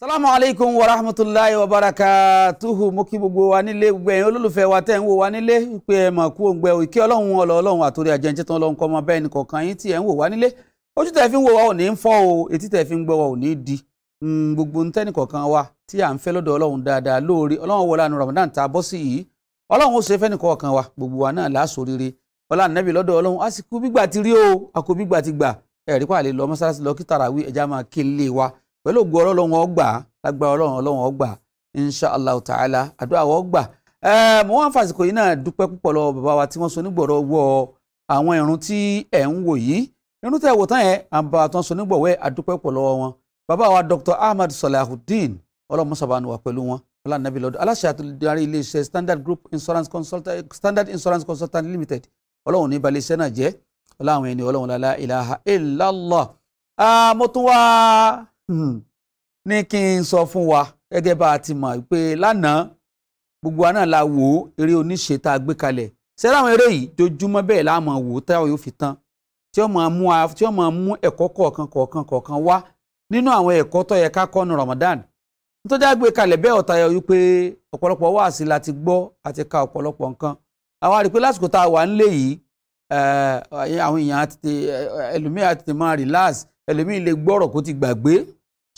salamu alaykum wa rahmatulahi wa barakatuhu mo kí gbogbo wa nílé gbogbo ẹ̀yin olólùfẹ́ wa tẹ́ ń wò wá nílé pé ẹ mọ̀ kú òǹgbẹ o ìkẹ́ ọlọ́run ọlọ́ ọlọ́run àtòrí àjẹjẹ tán ọlọ́run kọ́mọ bẹ́ẹ̀ ni kọ̀ọ̀kan yín tí ẹ̀ ń wò wá nílé ojú tẹ̀ fi ń wò wá ò ní ń fọ́ o etí tẹ̀ fi ń gbọ́ wa ò ní di hmm, gbogbo ń tẹ́nì kọ̀ọ̀kan wa tí à ń fẹ́ lọ́dọ̀ ọlọ́run dáadáa lóore ọlọ́run wọlé àánú ramadan tá a bọ́ sí yìí ọlọ́run ó ṣe fẹ́nì kọ̀ọ̀kan wa gbogbo wa náà láàṣọ rere ọlá nẹ́bí lọ́dọ̀ ọlọ́run pẹ̀lú ògùn ọlọ́run ọgbà lágbára ọlọ́run ọlọ́run ọgbà insha allah ta'ala àdúrà wọ́n gbà mo wá fàsìkò yìí náà dúpẹ́ púpọ̀ lọ́wọ́ bàbá wa tí wọ́n so nígbọ̀rọ̀ wọ àwọn ìrun tí ẹ̀ ń wò yìí irun tẹ̀ wò tán yẹn àbá tó ń so nígbọ̀wẹ́ àdúpẹ́ púpọ̀ lọ́wọ́ wọn bàbá wa Dr. Ahmad Salahuddin ọlọ́mọ sábàánu wà pẹ̀lú wọn ọlànàbí lọ́dọ̀ aláṣẹ àtúndarí iléeṣẹ́ Standard Group Insurance Consultant Standard Insurance Consultant Limited ọlọ́run ní balẹ̀ iṣẹ́ náà jẹ́ ọlọ́run ẹni ọlọ́run lálá ilaha illallah ah, mo tún wá Hmm. ní kí n sọ fún wa gẹ́gẹ́ bá a ti mọ̀ pé lánàá gbogbo wa la wò ó eré oníṣe tá a gbé kalẹ̀ sẹ́rẹ́ àwọn eré yìí dojúmọ́ bẹ́ẹ̀ láàmọ̀ wò ó táwọn yóò fi tán tí wọ́n máa mú tí wọ́n máa mú ẹ̀kọ́ kọ̀ọ̀kan kọ̀ọ̀kan kọ̀ọ̀kan wá nínú àwọn ẹ̀kọ́ tó yẹ ká kọ́ nu Ramadan nítorí àgbé kalẹ̀ bẹ́ẹ̀ ọ̀tá yọ wípé ọ̀pọ̀lọpọ̀ wáàsí la ti gbọ́ àti ka ọ̀pọ̀lọpọ̀ nǹkan àwa rí i pé lásìkò tá a wà nílé yìí eh, àwọn èèyàn àti ẹlòmíì àti tèmọ́ relax ẹlòmíì lè gbọ́rọ̀ kó ti gbàgbé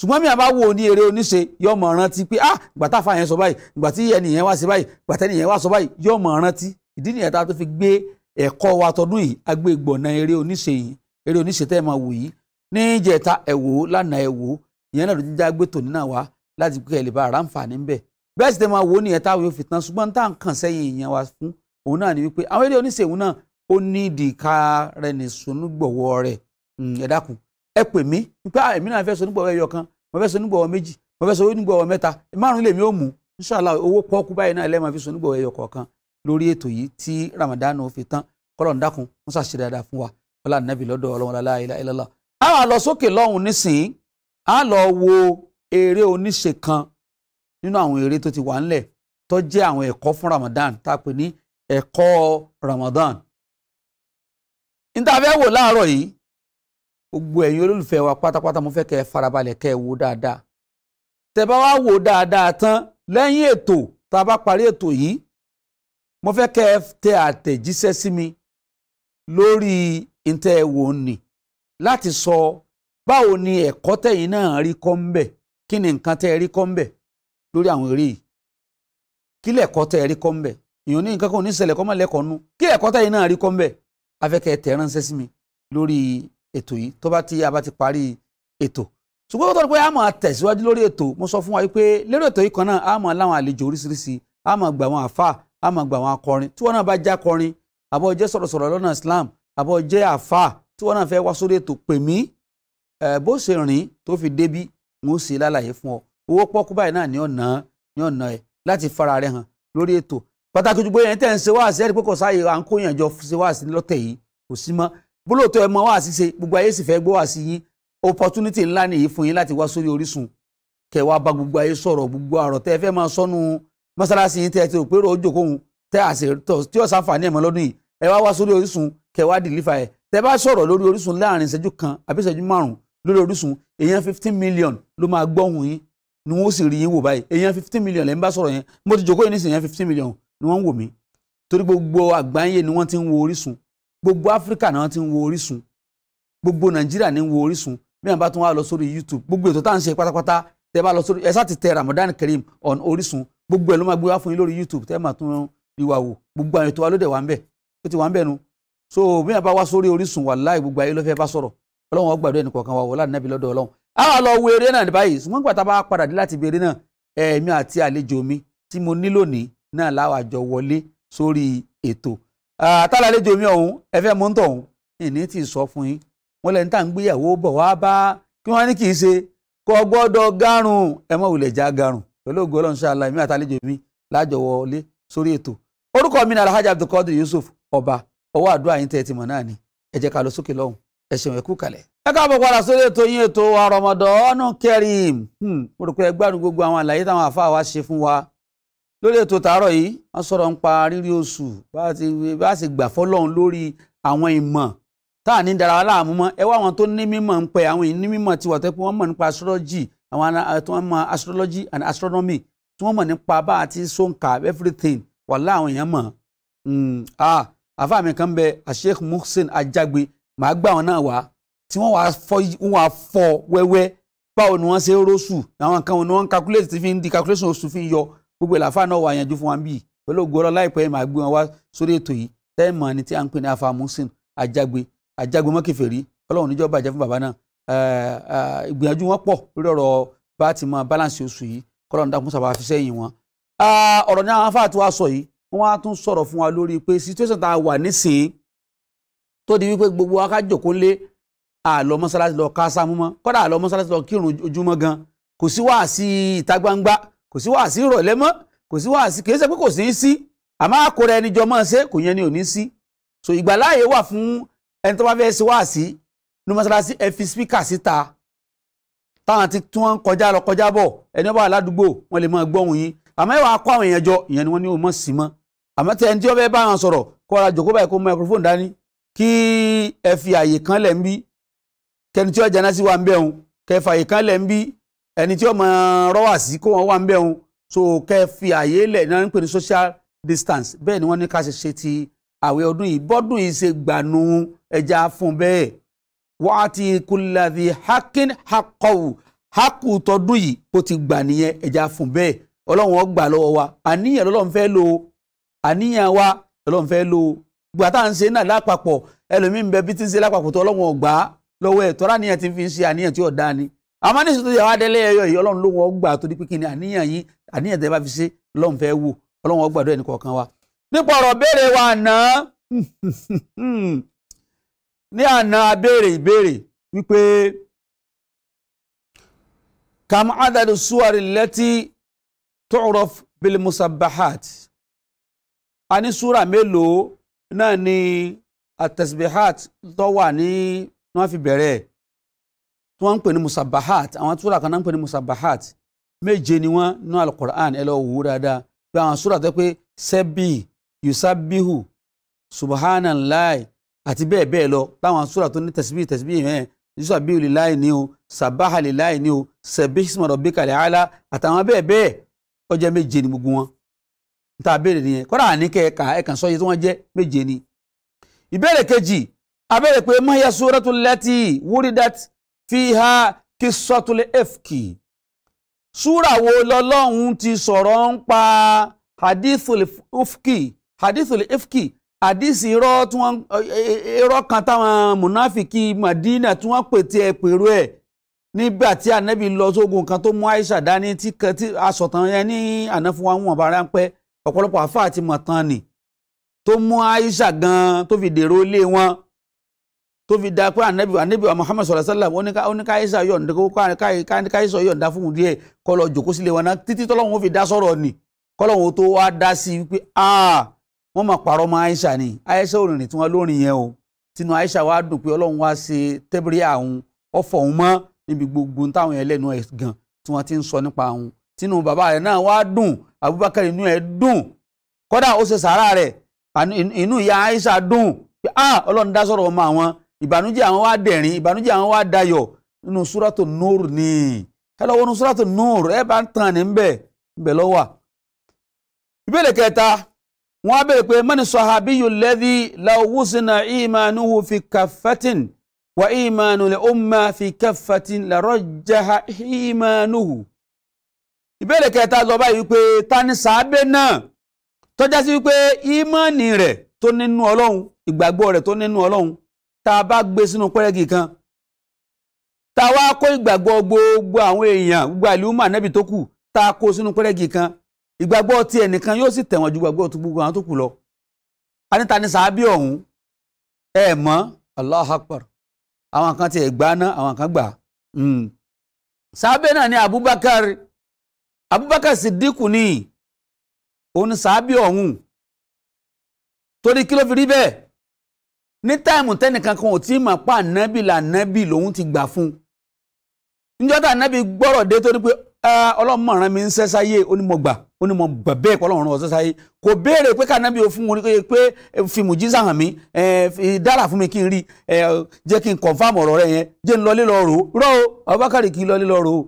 ṣùgbọ́n mi àbá wo ní eré oníṣe yóò mọ̀ rántí pé ah ìgbà tá a fa yẹn sọ báyìí ìgbà tí ẹnìyẹn wá sí báyìí ìgbà tí ẹnìyẹn wá sọ báyìí yóò mọ̀ rántí ìdí nìyẹn tá a tó fi gbé ẹ̀kọ́ wa tọdún yìí agbègbọ̀nà eré oníṣe yìí eré oníṣe tẹ́ ẹ máa wò yìí ní ìjẹta ẹ wò ó lánàá ẹ wò ó ìyẹn náà ló ti já gbé tòní náà wá láti pé ẹ lè bá àràǹfààní ń bẹ̀ bẹ́ẹ̀ ni wípé àwọn eré ẹ pè mí pé ah, èmi náà fẹ́ so onígbọ̀wọ́ ẹyọ kan mo fẹ́ so onígbọ̀wọ́ méjì mo fẹ́ so onígbọ̀wọ́ mẹ́ta márùn lèmi ò mú inṣàlá owó pọ́ọ́kú báyìí náà lẹ́ẹ̀ máa fi so onígbọ̀wọ́ ẹyọ kọ̀ọ̀kan lórí ètò yìí tí Ramadan ó fi tán kọ́lọ̀ ń dákun wọ́n ṣàṣe dáadáa fún wa wọ́n láti lọ́dọ̀ ọlọ́run la ilaha illallah. a wà lọ sókè lọ́hùn nísìnyí a lọ wo eré oníṣe kan Ramadan tá a Ramadan. níta fẹ́ wò láàárọ̀ yìí gbogbo ẹ̀yin olólùfẹ́ wa pátápátá mo fẹ́ kẹ́ ẹ farabalẹ̀ kẹ́ ẹ wo dáadáa tẹ́ bá wá wò dáadáa tán lẹ́yìn ètò tá a bá parí ètò yìí mo fẹ́ kẹ́ ẹ tẹ àtẹ̀jíṣẹ́ sí mi lórí ntẹ́ ẹ wò ní láti sọ báwo ni ẹ̀kọ́ tẹ̀yin náà rí kọ́ ń bẹ̀ kí ni nǹkan tẹ́ ẹ rí kọ́ ń bẹ̀ lórí àwọn eré yìí kí lẹ̀kọ́ tẹ́ ẹ rí kọ́ ń bẹ̀ èèyàn ní nǹkan kan ò ní ṣẹlẹ̀ kọ́ mọ́ lẹ́kọ̀ọ́ nú kí lẹ̀kọ́ tẹ̀yin náà rí kọ́ ń bẹ̀ afẹ́kẹ́ tẹ̀ sí mi lórí ètò yìí tó bá ti a bá ti parí ètò ṣùgbọ́n kó tó di pé a máa tẹ̀síwájú lórí ètò mo sọ fún wa pé lórí ètò yìí kan náà a máa láwọn àlejò oríṣiríṣi a máa gbà àwọn àfà a máa gbà àwọn akọrin tí wọ́n náà bá já kọrin àbọ̀ jẹ́ sọ̀rọ̀sọ̀rọ̀ lọ́nà Islam àbọ̀ jẹ́ àfà tí wọ́n náà fẹ́ wá sórí ètò pè mí bó ṣe rìn tó fi débí mo ṣe lálàyé fún ọ owó pọ́kú báyìí náà ní ọ̀nà ní ọ̀nà ẹ̀ láti fara rẹ hàn bólóòtọ́ ẹ mọ wá àṣìṣe gbogbo ayé sì fẹ́ gbọ́ wá sí yín opportunity ńlá nìyí fún yín láti wá sórí Orísun kẹ́ wá bá gbogbo ayé sọ̀rọ̀ gbogbo àrọ̀ tẹ́ fẹ́ máa sọnù mọ́sálásí yín tẹ́ ti rò pé rò ó jòkóhun tẹ́ àṣẹ tí ọ̀sán fà ní ẹ̀mọ́ lọ́dún yìí ẹ wá wá sórí Orísun kẹ́ wá dìlífà ẹ̀ tẹ́ bá sọ̀rọ̀ lórí Orísun láàrin ìṣẹ́jú kan àbí ìṣẹ́jú márùn lórí Orísun èèyàn fifteen million ló máa gbọ́hùn yín ni wọ́n sì rí yín wò báyìí èèyàn fifteen million lẹ́yìn bá sọ̀rọ̀ yẹn mo ti jòkó fifteen million ni wọ́n ń wò mí torí gbogbo àgbáyé gbogbo áfíríkà náà ti ń wo orísun gbogbo nàìjíríà ní ń wo orísun mìíràn bá tún wá lọ sórí youtube gbogbo ètò tá à ń ṣe pátápátá tẹ bá lọ sórí ẹ sáà ti tẹ ramadan kareem on orísun gbogbo ẹ ló máa gbé wá fún yín lórí youtube tẹ máa tún rí wa wò gbogbo àwọn ètò wa ló dẹ̀ wá ń bẹ̀ ó ti wá ń bẹ̀ nu so mìíràn bá wá sórí orísun wàláì gbogbo ayé ló fẹ́ bá sọ̀rọ̀ ọlọ́run ọgbà ẹ̀dọ́ ẹnìkọ̀ọ̀kan wa wò láti nábì lọ́dọ̀ ọlọ́run a lọ wo eré náà báyìí ṣùgbọ́n gbàtà bá padà dé láti ibi eré náà èmi àti àlejò mi tí mo ní lónìí sórí ètò àtàlálejò mi ọ̀hún ẹ fẹ́ mú tọ̀hún ìní ti sọ fún yín wọn lẹ́ni tá à ń gbéyàwó bọ̀ wá bá kí wọ́n ní kì í ṣe kọ́ gbọ́dọ̀ gárùn ẹ mọ̀ wulẹ̀ já gárùn pẹ̀lú ògo Ọlọ́run ṣáàlà eto àtàlejò mi lájọ sórí ètò Yusuf ọba ọwọ́ àdúrà yín tẹ́ mọ̀ náà ni ẹ jẹ́ ká lọ sókè lọ́hùn ẹ kalẹ̀. ẹ káàbọ̀ padà sórí ètò yín ètò hmm, mo rò pé wa ṣe fún wa lórí ètò tàárọ̀ yìí wọ́n sọ̀rọ̀ ń pa rírí oṣù bá a sì gbà fọ́lọ́run lórí àwọn ìmọ̀ tá à ní dára wa láàmú mọ́ ẹ wá àwọn tó ní mímọ̀ ń pẹ́ àwọn ìní mímọ̀ tiwọ̀ tẹ́ pé wọ́n mọ̀ nípa astrology àwọn tí wọ́n astrology and astronomy tí wọ́n mọ̀ nípa bá a ti ṣóǹkà everything wàhálà àwọn èèyàn mọ̀ hmm, àfa mi kan bẹ Sheikh Muhsin Ajagbe màá gbà wọn náà wá tí wọ́n wàá fọ́ wẹ́wẹ́ báwo ni wọ́n ṣe ń róṣù àwọn kan ni wọ́n ń calculate ti fi ń di calculation oṣù fi ń yọ gbogbo ìlàfà náà wà yanjú fún wa bí pẹ̀lú ògo ọlọ́ láìpẹ́ yìí máa gbé wọn wá sórí ètò yìí tẹ́ẹ̀mọ̀ ni tí a ń pè ní afa musin ajagbe ajagbe mọ́kẹ́fẹ̀rí ọlọ́run níjọ́ bàjẹ́ fún bàbá náà ìgbìyànjú wọn pọ̀ lórí ọ̀rọ̀ bá ti mọ balance oṣù yìí kọ́lọ́run dákun sábà fi sẹ́yìn wọn. ọ̀rọ̀ ní àwọn afáà tí wàá sọ yìí wọ́n á tún sọ̀rọ̀ fún wa lórí pé situation tá a wà nísìnyí tó di wípé gbogbo akájòkólé àlọ́ mọ́sálásí lọ kásámú mọ́ kọ́dà àlọ́ mọ́sálásí lọ kírun ojúmọ́ kò sí wáàsí ìta gbangba kò sí wàásí ìrọ̀lẹ́ mọ́ kò sí wàásí kì í ṣe pé kò sí í sí àmọ́ àkórẹ́ ẹni jọ máa ṣe kò yẹn ni ò ní sí so ìgbàláàyè wà fún ẹni tó bá fẹ́ ṣe wàásí ní mọ́ṣáláṣí ẹ fi spíkà síta táwọn ti tún wọn kọjá lọ kọjá bọ̀ ẹni ọba aládùúgbò wọn lè máa gbọ́hùn yín àmọ́ ìwà akọ àwọn èèyàn jọ ìyẹn ni wọ́n ní o mọ̀ sí mọ́ àmọ́ tẹ ẹni tí wọ́n fẹ́ bá wọn sọ̀rọ̀ kó ara jòkó báyìí kó microphone dání kí ẹ fi àyè kan lẹ̀ ń bí kẹni tí wọ́n jẹ́ náà sí wa ń bẹ̀ òun kẹfà àyè kan lẹ̀ ń bí ẹni tí ọmọ rọ́wà sí kó wọn wà ń bẹ̀rùn so kẹ́ fi àyè lẹ̀ náà ń pè ní social distance bẹ́ẹ̀ ni wọ́n ní ká ṣe ṣe ti àwẹ̀ ọdún yìí bọ́dún yìí ṣe gbànú ẹja fún bẹ́ẹ̀ wọ́n á ti kúlẹ̀dì hakin hakọ̀wù hakù tọdún yìí kó ti gbà nìyẹn ẹja fún bẹ́ẹ̀ ọlọ́run ó gbà lọ́wọ́ wa àníyàn lọ́lọ́run fẹ́ lò àníyàn wa lọ́lọ́run fẹ́ lò gbà tá à ń ṣe náà lápapọ̀ ẹlòmíín bẹ bí ti ń ṣe lápapọ̀ tó ọlọ́run ó gbà lọ́wọ́ tọ́lá níyàn ti fi ń ṣe àníyàn tí ò dáa ni àmọ́ ní ìsìtò ìyàwó adẹ́lẹ́ ẹ̀yọ yìí ọlọ́run ló wọ́n gbà torí pé kí ni àníyàn yín àníyàn tẹ́ bá fi ṣe ọlọ́run fẹ́ wò ọlọ́run ọgbà ọdọ ẹnìkọ̀ọ̀kan wa. nípa ọ̀rọ̀ béèrè wa àná ní àná abéèrè ìbéèrè wípé kam adadu suwari lẹ́tí bil a ní mélòó náà ni atasbihat tó wà ní wọ́n fi bẹ̀rẹ̀ ẹ̀ tí wọ́n ń pè ní musabahat àwọn súra kan náà ń pè ní musabahat méje ni wọ́n nú alukur'an ẹ lọ wò ó dáadáa pé àwọn súra tó pé sẹ́bì yusabihu subhanallah àti bẹ́ẹ̀ bẹ́ẹ̀ lọ táwọn súra tó ní tẹ̀síbí tẹ̀síbí yẹn yusabihu lilayi ni o sabaha lilayi ni o sẹ̀bí sumọ̀rọ̀ bí kàlẹ́ àlá àtàwọn bẹ́ẹ̀ bẹ́ẹ̀ ó jẹ́ méje ni gbogbo wọn tá a béèrè nìyẹn kọ́dà àníkẹ́ ẹ̀ka ẹ̀kan sọ́yẹ tí wọ́n jẹ́ méje ni. ìbéèrè kejì abẹ́rẹ́ pé mahiya suratul lati fiha kisotul efki súrà wo lọ́lọ́run ti sọ̀rọ̀ ń pa hadithul efki hadithul efki àdìsí irọ́ tí wọ́n irọ́ kan táwọn mùnáfìkì Madina tí wọ́n pètè ẹ̀ pèrò ẹ̀ nígbà tí ànábì lọ sógun kan tó mú Aisha dání tí asọ̀tàn yẹn ní ànáfọwọ́ wọn bá ráńpẹ́ ọ̀pọ̀lọpọ̀ àfáà ti mọ̀ ni tó mú Aisha gan tó fi dèrò ilé wọn tó fi da pé anabi anabi muhammad sallallahu alaihi wasallam oníka oníka ayisa yọ̀ǹda kó ká ayisa yọ̀ǹda fún un díẹ̀ kó lọ jòkó sílé wọn náà títí tọ́lọ́wọ́n fi dá sọ̀rọ̀ ni kọ́lọ́wọ́n tó wá dá sí i pé wọ́n máa parọ́ mọ́ ayisa ni ayisa ò rìnrìn tí wọ́n lórin yẹn o tinú ayisa wa dùn pé ọlọ́run wá ṣe tẹ́bírí àwọn ọ̀fọ̀ òun mọ́ níbi gbogbo táwọn yẹn lẹ́nu ẹ̀ gan tí wọ́n ti ń sọ nípa àwọn tinú bàbá rẹ̀ náà wá dùn abubakar inú ẹ̀ dùn kódà ó ṣe sàárà rẹ̀ inú ìyá ayisa dùn pé ọlọ́run dá sọ̀rọ̀ ọmọ àwọn ìbànújẹ́ àwọn wá dẹ̀rín ìbànújẹ́ àwọn wá dayọ̀ nínú súrátù nur ni ẹ lọ wọnú súrátù nur ẹ bá ń tàn ní bẹ̀ bẹ̀ lọ wà. ìbéèrè kẹta wọn á béèrè pé mani sahabiyu alladhi law wusina imanuhu fi kaffatin wa imanu li umma fi kaffatin la rajjaha imanuhu. ìbéèrè kẹta lọ báyìí pé ta ni náà tọ́já sí wípé ìmánì rẹ̀ tó nínú ọlọ́run ìgbàgbọ́ rẹ̀ tó nínú ọlọ́run tá a bá gbé sínú pẹ́rẹ́gì kan tá wá kó ìgbàgbọ́ gbogbo àwọn èèyàn gbogbo àlùmọ́ ànábì tó kù tá a kó sínú pẹ́rẹ́gì kan ìgbàgbọ́ ti ẹnìkan yóò sì tẹ̀wọ̀n ju ìgbàgbọ́ tó gbogbo àwọn tó kù lọ. a ní ta ni sàábì ọ̀hún ẹ mọ̀ Allahu Akbar àwọn kan tiẹ̀ gbá ná àwọn kan gbà. Hmm. sàábì náà ni Abubakar Abubakar Siddiku ni òun ni sàábì ọ̀hún torí kí ló fi rí bẹ́ẹ̀ ní táìmù tẹ́nìkan kan ò tí mà pa ànábì lànábì lòun ti gbà fún un níjọ́ tá ànábì gbọ́rọ̀ dé tó ní pé ọlọ́run mọ̀ rán mi ń ṣẹ́ sáyé ó ní mo gbà ó ní mo gbà bẹ́ẹ̀ pé ọlọ́run rán ọ ṣẹ́ sáyé kò béèrè pé kànábì ó fún wọn pé fi mùjísà hàn mí dára fún mi kí n rí jẹ́ kí n confam ọ̀rọ̀ rẹ yẹn jẹ́ n lọlé lọ́ọ́ rọ́ o Abubakar kì í lọlé lọ́ọ́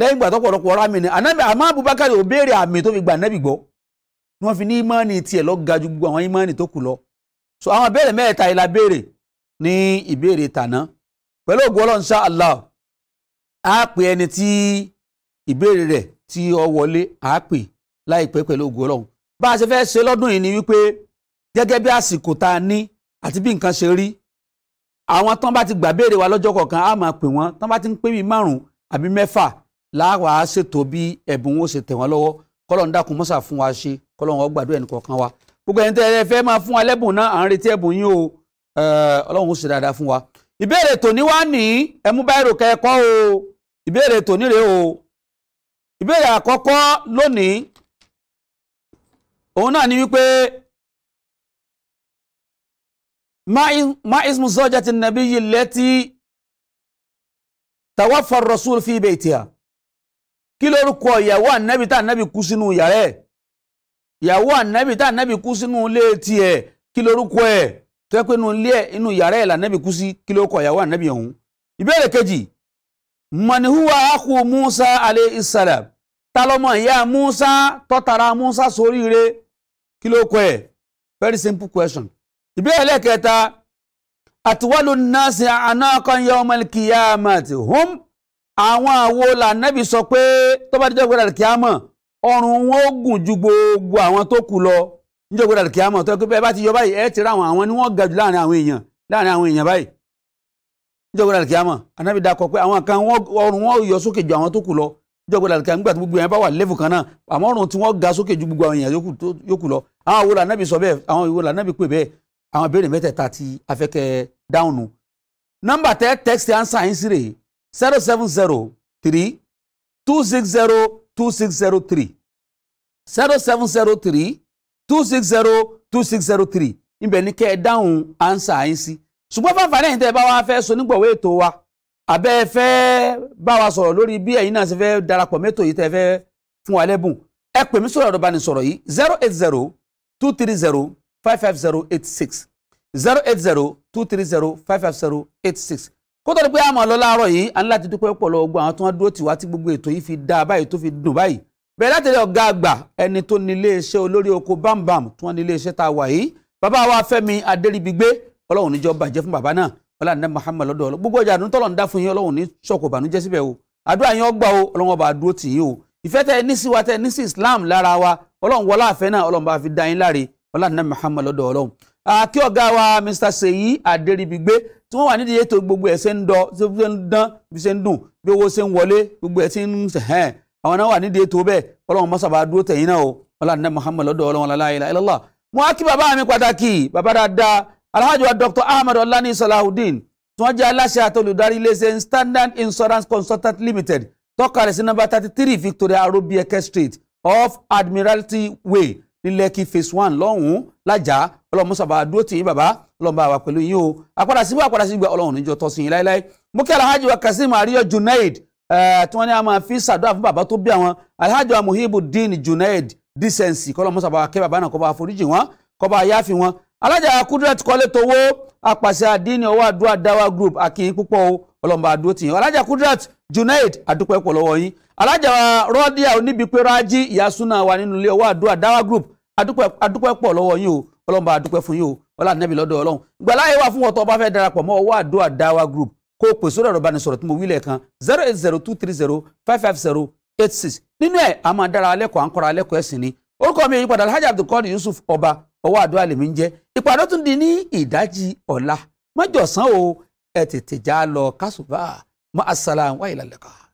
lẹ́yìn ìgbà tọ́pọ̀lọpọ̀ ọ̀rá mi ni anabi àmọ́ Abubakar ò béèrè àmì tó fi gba anabi gbọ́ ni wọ́n fi ní ìmánì tiẹ̀ lọ ga ju gbogbo àwọn ìmánì tó kù lọ so àwọn béèrè mẹ́ta ìlà béèrè ní ìbéèrè tàná pẹ̀lú ògùn Ọlọ́run Allah á pè ẹni tí ìbéèrè rẹ̀ tí ó wọlé á pè láìpẹ́ pẹ̀lú ògùn Ọlọ́run bá a ṣe fẹ́ ṣe lọ́dún yìí ni wípé gẹ́gẹ́ bí àsìkò tá a ní àti bí nǹkan ṣe rí àwọn tán bá ti gbà béèrè wa lọ́jọ́ kọ̀ọ̀kan á máa pè wọ́n tán bá ti ń pè mí márùn-ún àbí mẹ́fà láwa á ṣètò bí ẹ̀bùn wọn ṣe tẹ̀ wọ́n lọ́wọ́ kọ́lọ́n dákun mọ́sà fún wa ṣe kọ́lọ́n wọn gbàdúrà ẹnì kọ̀ọ̀kan wa gbogbo ẹni tẹ́ ẹ fẹ́ máa fún wa lẹ́bùn náà à ń retí ẹ̀bùn yín o ọlọ́run ó ṣe dáadáa fún wa. ìbéèrè tòní wá ní ẹmú báyìí o ìbéèrè tòní rèé o ìbéèrè àkọ́kọ́ lónìí òun náà ni wípé ma ismu ti nàbí yìí lẹ́tí fi bẹ́ẹ̀ tìyà. kí lórúkọ ìyàwó ànábì tá ànábì kú sínú yàrá ẹ̀ ìyàwó ànábì tá ànábì kú sínú ilé tiẹ̀ kí lórúkọ ẹ̀ tó yẹ pé inú ilé ẹ̀ inú yàrá ẹ̀ lànábì kú sí kí lórúkọ ìyàwó ànábì ọ̀hún. ìbéèrè kejì mọ̀nìhùwà akhu musa alayhi salam talọ́mọ ìyá musa tọ́tara musa soríire kí lórúkọ ẹ̀ very simple question. ìbéèrè lẹ́kẹta àtiwálò nasi anakan yawmal qiyamati àwọn àwo lànàbì sọ pé tó bá dijọ́ gbọ́dọ̀ kíámọ̀ ọrùn wọn ó gùn ju gbogbo àwọn tó kù lọ níjọ́ gbọ́dọ̀ kíámọ̀ tó pé bá ti yọ báyìí ẹ ti ra àwọn àwọn ni wọ́n ga jù láàrin àwọn èèyàn láàrin àwọn èèyàn báyìí níjọ́ gbọ́dọ̀ kíámọ̀ ànábì dakọ pé àwọn kan ọrùn wọn ó yọ sókè ju àwọn tó kù lọ níjọ́ gbọ́dọ̀ kíámọ̀ nígbà tí gbogbo yẹn bá wà lẹ́fù kan náà àmọ́ ọrùn tí wọ́n text and 070 260-2603 070-260-2603 ibẹ̀ ni kẹ́ ẹ dáhùn ánsà yín sí. ṣùgbọ́n fàǹfààní ẹ̀yin tẹ́ ẹ bá wa fẹ́ sonígbọ̀wé ètò wa àbẹ́ ẹ fẹ́ bá wa sọ̀rọ̀ lórí bí ẹ̀yin náà ṣe fẹ́ darapọ̀ mẹ́tò yìí tẹ́ ẹ fẹ́ fún wa lẹ́bùn ẹ pè mí sọ̀rọ̀ ọ̀dọ̀bani sọ̀rọ̀ yìí 080-230-55086 080-230-55086 kó tó di pé àmọ́ lọ láàárọ̀ yìí a ní láti dúpẹ́ pọ̀ lọ́wọ́ gbogbo àwọn tí wọ́n dúró tì wá tí gbogbo ètò yìí fi dáa báyìí tó fi dùn báyìí bẹ̀rẹ̀ láti rí ọ̀gá àgbà ẹni tó ní iléeṣẹ́ olórí oko bámbàm tí wọ́n ní iléeṣẹ́ tá a wà yìí bàbá wa Fẹ́mi Adéríbigbé ọlọ́run níjọ́ bàjẹ́ fún bàbá náà ọlọ́run Muhammad lọ́dọ̀ gbogbo ọjà tọ́lọ̀ ń dá fún yín ọlọ́run ní sọ̀kò bànújẹ́ síbẹ̀ o àdúrà yín ọgbà o ọlọ́run ọba àdúró tì yín o ìfẹ́ tẹ ní sí wa tẹ ní sí Islam lára wa ọlọ́run wọlá àfẹ́ náà ọlọ́run bá fi dá yín láre ọlọ́run Muhammad lọ́dọ̀ ọlọ́run àkí ọ̀gá wa Mr. Seyi Adéríbigbé tí wọ́n wà nídìí ètò gbogbo ẹ̀ ṣe ń dọ ṣe ń dán bí ṣe ń dùn bí owó ṣe ń wọlé gbogbo ẹ̀ ṣe ń hẹ́n àwọn náà wà nídìí ètò bẹ́ẹ̀ ọlọ́run mọ́sàbá dúró tẹ̀yìn náà o ọlọ́run Muhammad lọ́dọ̀ ọlọ́run la ilaha illallah mo á kí bàbá mi pàtàkì bàbá dáadáa alhaji dr ahmed ọlani salahudeen tí wọ́n jẹ́ aláṣẹ àti olùdarí iléeṣẹ́ standard insurance consultant limited tọ́ka rẹ̀ sí nọ́mbà thirty three victoria arobieke street off admiralty way ní lekki phase one lọ́hùn-ún lájà ọlọ́run mọ́sàbá dúró tì bàbá ọlọ́run bá wa pẹ̀lú yín o àpàdà síbú àpàdà síbú ọlọ́run níjọ tọ́ sí yín láéláé mú alhaji wa kasim àríyọ junaid eh, tí wọ́n ní a máa fi ṣàdúrà fún bàbá tó bí àwọn alhaji wa muhibu din junaid decency kọ́lọ́ mọ́sá bá wa kẹ́ bàbá náà kọ́ bá wa foríjì wọn kọ́ bá wa yáfi wọn alájà kudrat kọ́lé towó apàṣẹ àdínní ọwọ́ àdúrà dáwà group akínyìn púpọ̀ o ọlọ́run bá dúró tìyàn alájà junaid àdúpẹ́ pọ̀ lọ́wọ́ yín alájà rọ́díà oníbipẹ́ rájí ìyásúná wa nínú ilé ọwọ́ àdúrà dáwà group àdúpẹ́ pọ̀ lọ́wọ́ yín o ọlọ́run bá fún yín o ọlá nẹ́bí lọ́dọ̀ ọlọ́run gbàlá yẹ wà fún wọn tó bá fẹ́ darapọ̀ mọ́ ọwọ́ àdúrà dáwà group kó o pè sórí ọ̀rọ̀ ìbánisọ̀rọ̀ tí mo wílẹ̀ kan zero eight zero two three zero five five zero eight six nínú ẹ̀ a máa dára alẹ́kọ̀ọ́ àǹkọ́ra alẹ́kọ̀ọ́ ẹ̀sìn ni orúkọ mi yìí alhaji abdulkadir yusuf ọba ọwọ́ àdúrà lèmi ń jẹ́ ìpàdé tún di ní ìdájí ọ̀la mọ́jọ̀sán o ẹ̀ tètè já lọ kásùbà mọ́ asàlám wáyé lálẹ́kọ̀ọ́.